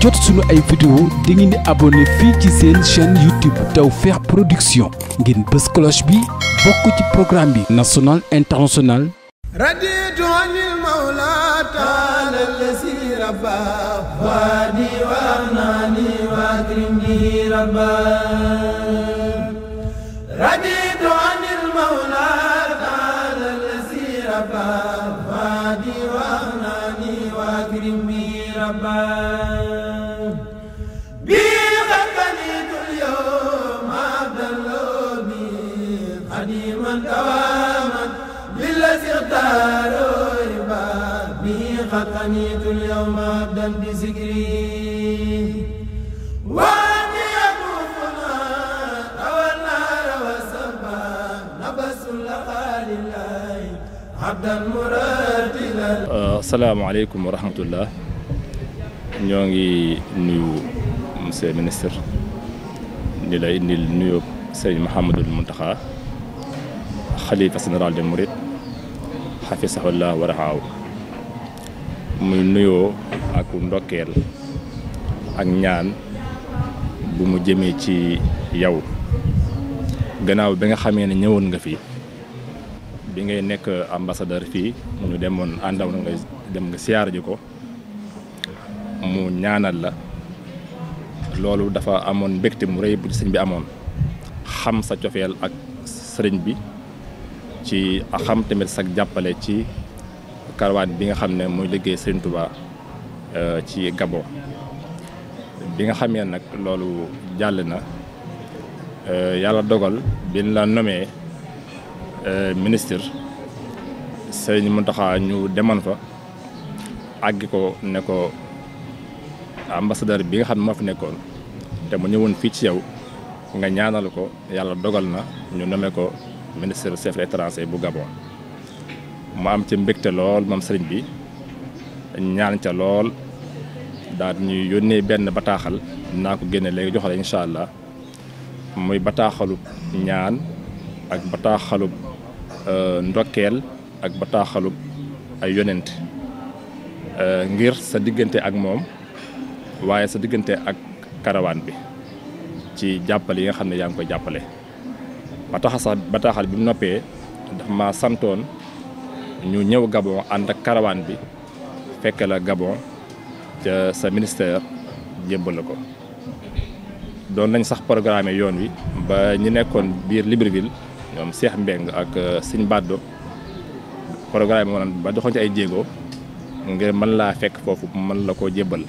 jot suñu ay vidéo da ngeen di abonné fii ci seen chaîne YouTube Tawfekh Production ngeen bës cloche bi bokk ci programme bi national international raditu anil mawla ta'ala allazi rabba wadi wa anani wa akrimni rabba داري باب به قد قنيت اليوم عبدا بذكري وأني أطوفنا روى النار والسما نبس لقى لله عبدا مرتلا السلام عليكم ورحمة الله ñoo ngi nuyu monsieur ministre ni la indil nuyu sëriñ Mouhamadul Mountakha xalifa général des Mourides xafisahullah wa raxaaw muy nuyoo ak ndokkeel ak ñaan bu mu jëmee ci yow gannaaw bi nga xamee ne ñëwoon nga fi bi ngay nekk ambassadeur fii ñu demoon àndaw na nga dem nga siyaar ji ko mu ñaanal la loolu dafa amoon mbégte mu rëy bu ci sëñ bi amoon xam sa cofeel ak sëriñ bi ci xam tamit sag jàppale ci karawaan bi nga xam ne muy liggéey Serigne Touba euh, ci Gabon bi nga xamee nag loolu jàll na euh, yàlla dogal biñ la nommé euh, ministre Serigne Mountakha ñu demoon fa àggi ko ne ko ambassadeur bi nga xam ne moo fi nekkoon te mu ñëwoon fii ci yow nga ñaanal ko yàlla dogal na ñu nommé ko. ministre chef étranger bu Gabon ma am ca mbégte lool moom sëriñ bi ñaan ca lool daal ñuy yónnee benn bataaxal naa ko génne léegi joxale incha allah muy bataaxalub ñaan ak bataaxalub euh, ndokkeel ak bataaxalub ay yonent euh, ngir sa diggante ak moom waaye sa diggante ak karawaan bi ci jàppale yi nga xam ne yaa ngi koy jàppale ba bataaxal bataaxal bi mu noppee daf ma santoon ñu ñëw Gabon ànd ak caravane bi fekk la Gabon ca sa ministère jébbal la ko doon nañ sax programme yoon wi ba ñu nekkoon biir Libreville ñoom Cheikh Mbeng ak euh, Sëñ baado programme woon ba doxoon ci ay jéego ngir mën laa fekk foofu mën la koo jébbal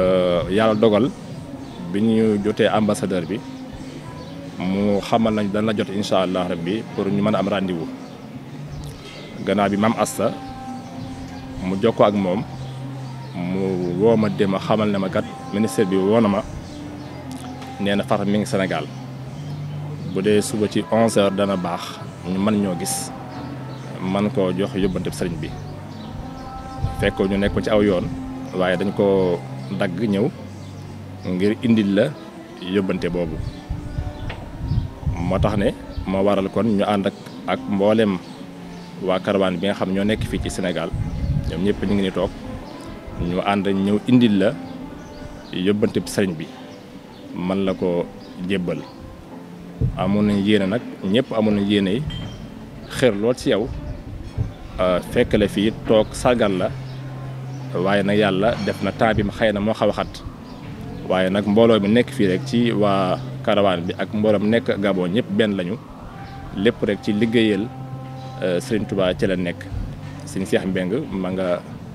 euh, yàlla dogal bi ñu jotee ambassadeur bi mu xamal nañ dana jot incha allah rabbi pour ñu mën a am rendez-vous gannaaw bi maam Asta mu jox ko ak moom mu woo ma dem a xamal ne ma kat ministère bi woo na ma nee na Fatou mi ngi Sénégal bu dee suba ci 11h dana baax ñu mën ñoo gis man koo jox yóbbante sëriñ bi fekkoo ñu nekk ci aw yoon waaye dañ koo dagg ñëw ngir indi la yóbbante boobu. moo tax ne moo waral kon ñu ànd ak ak mboolem waa caravane bi nga xam ñoo nekk fii ci Sénégal ñoom ñëpp ñu ngi ni toog ñu ànd ñëw indi la yóbbante sëriñ bi man la ko jébbal amoon nañ yéene nag ñépp amoon nañ yéene yi xër lool ci yow fekk la fii toog sargal la waaye nag yàlla def na temps bi xëy na moo xaw a xat waaye nag mbooloo mi nekk fii rek ci waa karawaan bi ak mbooloom nekk Gabon ñëpp benn lañu lépp rek ci liggéeyal euh, Serigne Touba ci la nekk Serigne Cheikh mbeng ma nga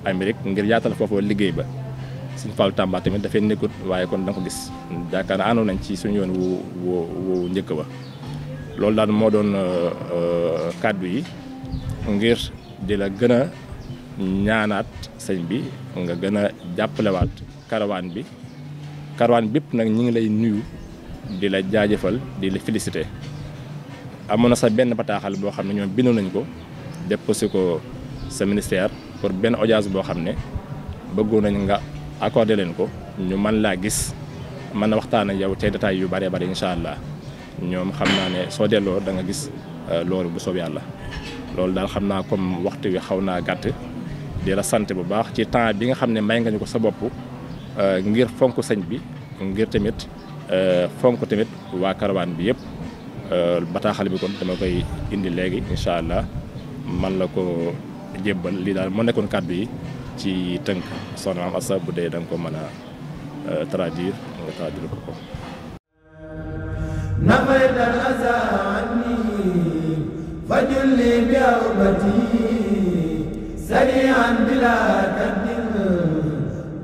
Amérique ngir yaatal foofu liggéey ba Serigne Fallou Tamba tamit dafay nekkut waaye kon da ko gis yaakaar naa àndoon nañ ci suñ yoon wu wu wu njëkk ba loolu daal moo doon euh, kàddu yi ngir di la gën a ñaanaat sëñ bi nga gën a jàppalewaat karawaan bi karawaan bépp nag ñi ngi lay nuyu di la jaajëfal di la félicité amoon na sa benn bataaxal boo xam ne ñoom bindoon nañ ko déposé ko sa ministère pour benn audience boo xam ne bëggoon nañ nga accordé leen ko ñu man laa gis mën na waxtaan ak yow tey détails yu bëree bëri incha allah ñoom xam naa ne soo delloo danga gis euh, loolu bu soob yàlla loolu daal xam naa comme waxtu wi xaw naa gàtt di la sant bu baax ci temps bi nga xam ne may nga ñu ko sa bopp euh, ngir fonk sëñ bi ngir tamit Euh, fonk ko tamit waa karawaan bi yëpp euh, bataaxal bi kon dama koy indi léegi incha allah man la ko jébbal lii daal moo nekkoon kàddu yi ci tënk soxna maam Assa bu dee danga nga ko mën a euh, traduire nga traduire ko ko نفيت الأذى عني فجل لي بأربتي سريعا بلا كد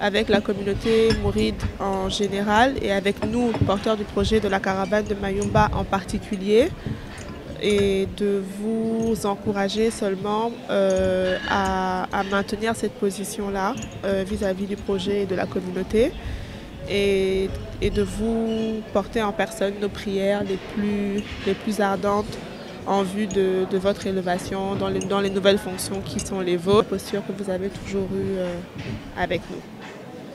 avec la communauté mouride en général et avec nous, porteurs du projet de la caravane de Mayumba en particulier, et de vous encourager seulement euh, à, à, maintenir cette position-là euh, vis-à-vis du projet et de la communauté, et, et, de vous porter en personne nos prières les plus, les plus ardentes en vue de, de votre élevation dans les, dans les, nouvelles fonctions qui sont les vôtres, que vous avez toujours eue euh, avec nous.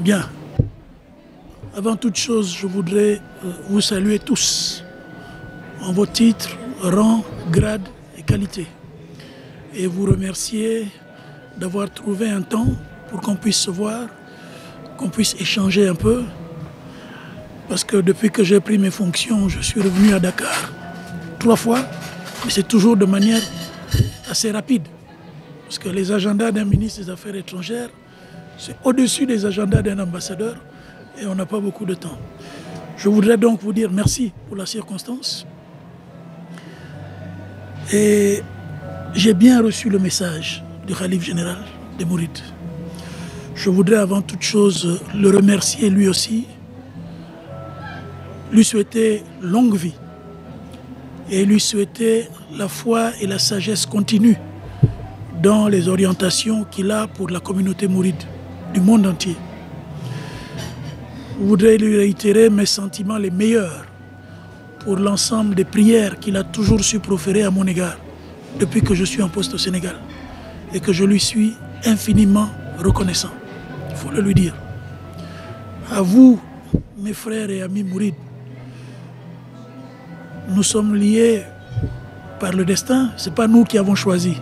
Bien. Avant toute chose, je voudrais euh, vous saluer tous, en vos titres, rang, grade et qualité, et vous remercier d'avoir trouvé un temps pour qu'on puisse se voir, qu'on puisse échanger un peu, parce que depuis que j'ai pris mes fonctions, je suis revenu à Dakar trois fois, mais c'est toujours de manière assez rapide, parce que les agendas d'un ministre des Affaires étrangères C'est au-dessus des agendas d'un ambassadeur et on n'a pas beaucoup de temps. Je voudrais donc vous dire merci pour la circonstance. Et j'ai bien reçu le message du Khalif général des Mourides. Je voudrais avant toute chose le remercier lui aussi, lui souhaiter longue vie et lui souhaiter la foi et la sagesse continue dans les orientations qu'il a pour la communauté mouride. du monde entier. Je voudrais lui réitérer mes sentiments les meilleurs pour l'ensemble des prières qu'il a toujours su proférer à mon égard depuis que je suis en poste au Sénégal et que je lui suis infiniment reconnaissant. Il faut le lui dire. À vous, mes frères et amis Mourides, nous sommes liés par le destin. Ce n'est pas nous qui avons choisi.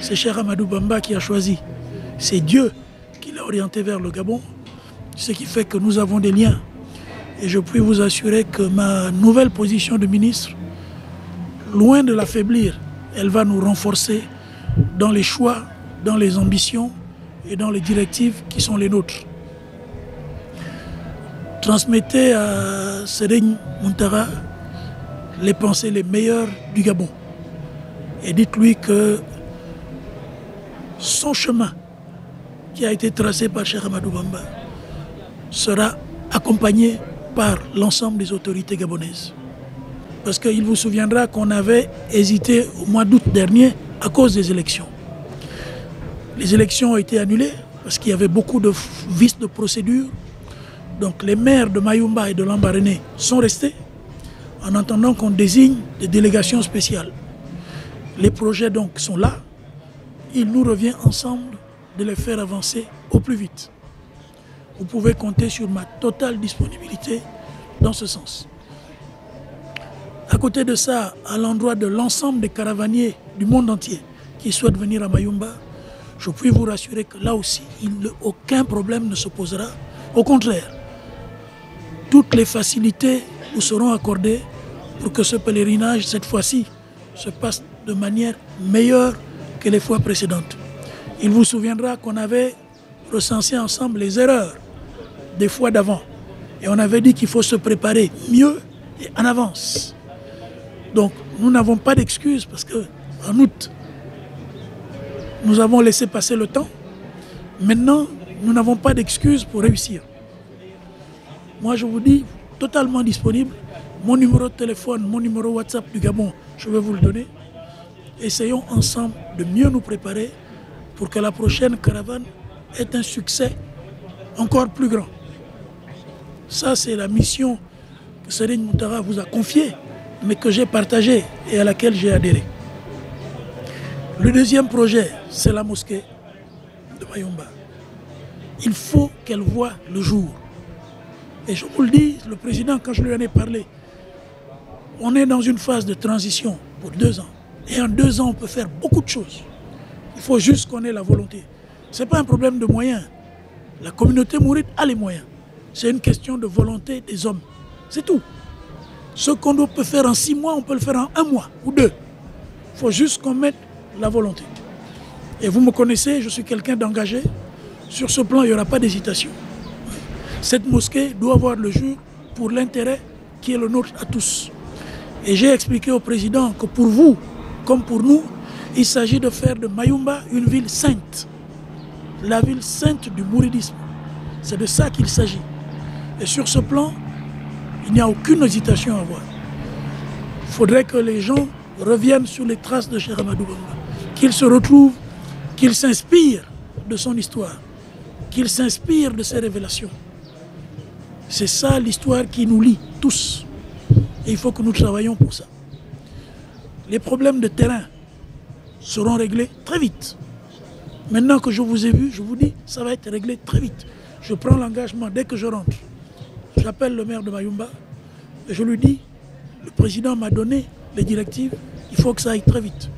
C'est Cheikh Amadou Bamba qui a choisi. C'est Dieu il est orienté vers le Gabon, ce qui fait que nous avons des liens. Et je puis vous assurer que ma nouvelle position de ministre, loin de l'affaiblir, elle va nous renforcer dans les choix, dans les ambitions et dans les directives qui sont les nôtres. Transmettez à Sérène Muntara les pensées les meilleures du Gabon et dites-lui que son chemin qui a été tracé par Cheikh Amadou Bamba sera accompagné par l'ensemble des autorités gabonaises. Parce qu'il vous souviendra qu'on avait hésité au mois d'août dernier à cause des élections. Les élections ont été annulées parce qu'il y avait beaucoup de vices de procédure. Donc les maires de Mayumba et de Lambaréné sont restés en attendant qu'on désigne des délégations spéciales. Les projets donc sont là. Il nous revient ensemble de les faire avancer au plus vite. Vous pouvez compter sur ma totale disponibilité dans ce sens. À côté de ça, à l'endroit de l'ensemble des caravaniers du monde entier qui souhaitent venir à Mayumba, je puis vous rassurer que là aussi, aucun problème ne se posera. Au contraire, toutes les facilités vous seront accordées pour que ce pèlerinage, cette fois-ci, se passe de manière meilleure que les fois précédentes. Il vous souviendra qu'on avait recensé ensemble les erreurs des fois d'avant. Et on avait dit qu'il faut se préparer mieux et en avance. Donc, nous n'avons pas d'excuses parce que en août, nous avons laissé passer le temps. Maintenant, nous n'avons pas d'excuses pour réussir. Moi, je vous dis, totalement disponible. Mon numéro de téléphone, mon numéro WhatsApp du Gabon, je vais vous le donner. Essayons ensemble de mieux nous préparer pour que la prochaine caravane ait un succès encore plus grand. Ça, c'est la mission que Serigne Moutara vous a confiée, mais que j'ai partagée et à laquelle j'ai adhéré. Le deuxième projet, c'est la mosquée de Mayumba. Il faut qu'elle voie le jour. Et je vous le dis, le président, quand je lui en ai parlé, on est dans une phase de transition pour deux ans. Et en deux ans, on peut faire beaucoup de choses. Il faut juste qu'on ait la volonté. Ce n'est pas un problème de moyens. La communauté mouride a les moyens. C'est une question de volonté des hommes. C'est tout. Ce qu'on peut faire en six mois, ou deux. Il faut juste qu'on mette la volonté. Et vous me connaissez, je suis quelqu'un d'engagé. Sur ce plan, il n'y aura pas d'hésitation. Cette mosquée doit avoir le jour pour l'intérêt qui est le nôtre à tous. Et j'ai expliqué au président que pour vous, comme pour Il s'agit de faire de Mayumba une ville sainte, la ville sainte du mouridisme. C'est de ça qu'il s'agit. Et sur ce plan, il n'y a aucune hésitation à avoir. Il faudrait que les gens reviennent sur les traces de Cheikh Amadou Bamba, qu'ils se retrouvent, qu'ils s'inspirent de son histoire, qu'ils s'inspirent de ses révélations. C'est ça l'histoire qui nous lie tous. Et il faut que nous travaillions pour ça. Les problèmes de terrain seront réglés très vite. Maintenant que je vous ai vu, je vous dis, ça va être réglé très vite. Je prends l'engagement dès que je rentre. J'appelle le maire de Mayumba et je lui dis, le président m'a donné les directives, il faut que ça aille très vite.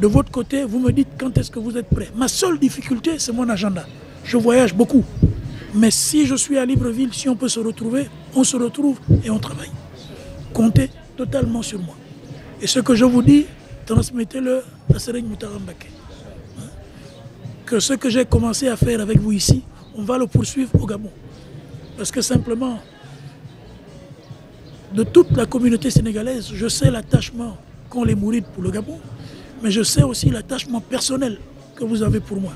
De votre côté, vous me dites quand est-ce que vous êtes prêt. Ma seule difficulté, c'est mon agenda. Je voyage beaucoup. Mais si je suis à Libreville, si on peut se retrouver, on se retrouve et on travaille. Comptez totalement à Serigne Moutara Mbacké. Que ce que j'ai commencé à faire avec vous ici, on va le poursuivre au Gabon. Parce que simplement, de toute la communauté sénégalaise, je sais l'attachement qu'ont les Mourides pour le Gabon, mais je sais aussi l'attachement personnel que vous avez pour moi.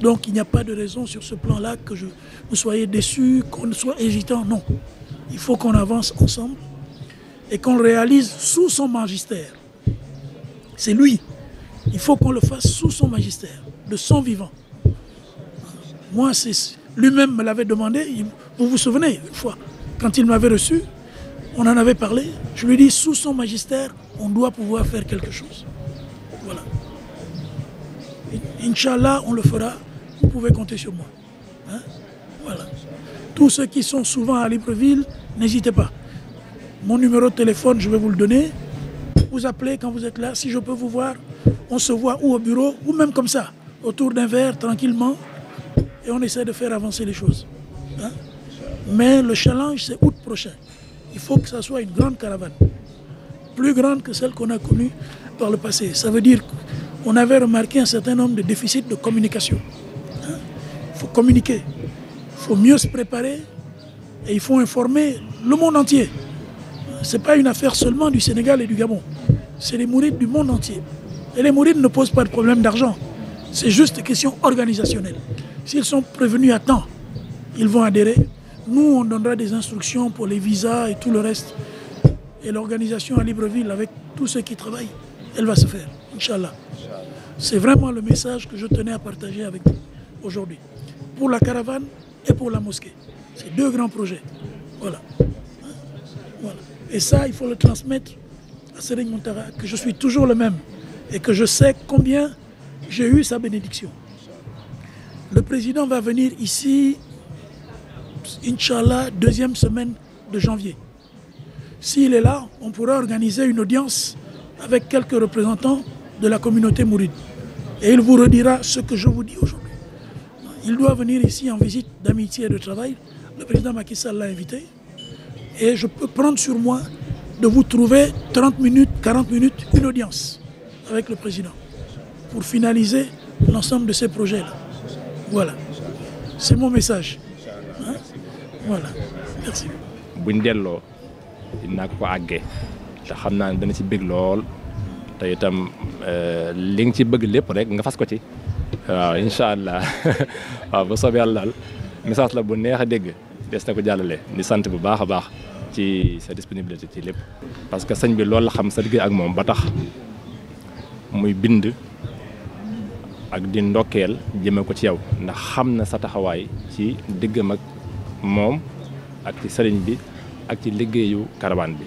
Donc il n'y a pas de raison sur ce plan-là que je, vous soyez déçus, qu'on soit hésitant, non. Il faut qu'on avance ensemble et qu'on réalise sous son magistère C'est lui. Il faut qu'on le fasse sous son magistère, de son vivant. Moi, c'est lui-même me l'avait demandé, vous vous souvenez, une fois, quand il m'avait reçu, on en avait parlé, je lui ai dit, sous son magistère, on doit pouvoir faire quelque chose. Voilà. Inch'Allah, on le fera, vous pouvez compter sur moi. Hein? Voilà. Tous ceux qui sont souvent à Libreville, n'hésitez pas. Mon numéro de téléphone, je vais vous le donner. vous appelez quand vous êtes là. Si je peux vous voir, on se voit ou au bureau, ou même comme ça, autour d'un verre, tranquillement, et on essaie de faire avancer les choses. Hein? Mais le challenge, c'est août prochain. Il faut que ça soit une grande caravane, plus grande que celle qu'on a connue par le passé. Ça veut dire qu'on avait remarqué un certain nombre de déficits de communication. Il hein? faut communiquer, il faut mieux se préparer, et il faut informer le monde entier. Ce n'est pas une affaire seulement du Sénégal et du Gabon. C'est les Mourides du monde entier. Et les Mourides ne posent pas de problème d'argent. C'est juste une question organisationnelle. S'ils sont prévenus à temps, ils vont adhérer. Nous, on donnera des instructions pour les visas et tout le reste. Et l'organisation à Libreville, avec tous ceux qui travaillent, elle va se faire, Inch'Allah. C'est vraiment le message que je tenais à partager avec vous aujourd'hui. Pour la caravane et pour la mosquée. C'est deux grands projets. Voilà. voilà. Et ça, il faut le transmettre à Serigne Mountakha, que je suis toujours le même et que je sais combien j'ai eu sa bénédiction. Le président va venir ici, Inch'Allah, deuxième semaine de janvier. S'il est là, on pourra organiser une audience avec quelques représentants de la communauté mouride. Et il vous redira ce que je vous dis aujourd'hui. Il doit venir ici en visite d'amitié et de travail. Le président Macky Sall l'a invité. et je prendre sur moi de vous trouver 30 minutes, 40 minutes, une audience avec le président pour finaliser l'ensemble de ces projets-là. Voilà. C'est mon message. Hein? Voilà. Merci. buñ delloo dinaa ko àggee te xam naa ne dana ci bëgg lool te itam euh, li nga ci bëgg lépp rek nga fas ko ci. waaw incha allah waaw bu soobee yàlla daal message la bu neex a dégg des na ko jàllale di sant bu baax a baax. ci sa disponibilité ci lépp parce que sëñ bi loolu la xam sa digg ak moom ba tax muy bind ak di ndokkeel jëme ko ci yow ndax xam na sa taxawaay ci diggam ak moom ak ci sëriñ bi ak ci liggéeyu caravane bi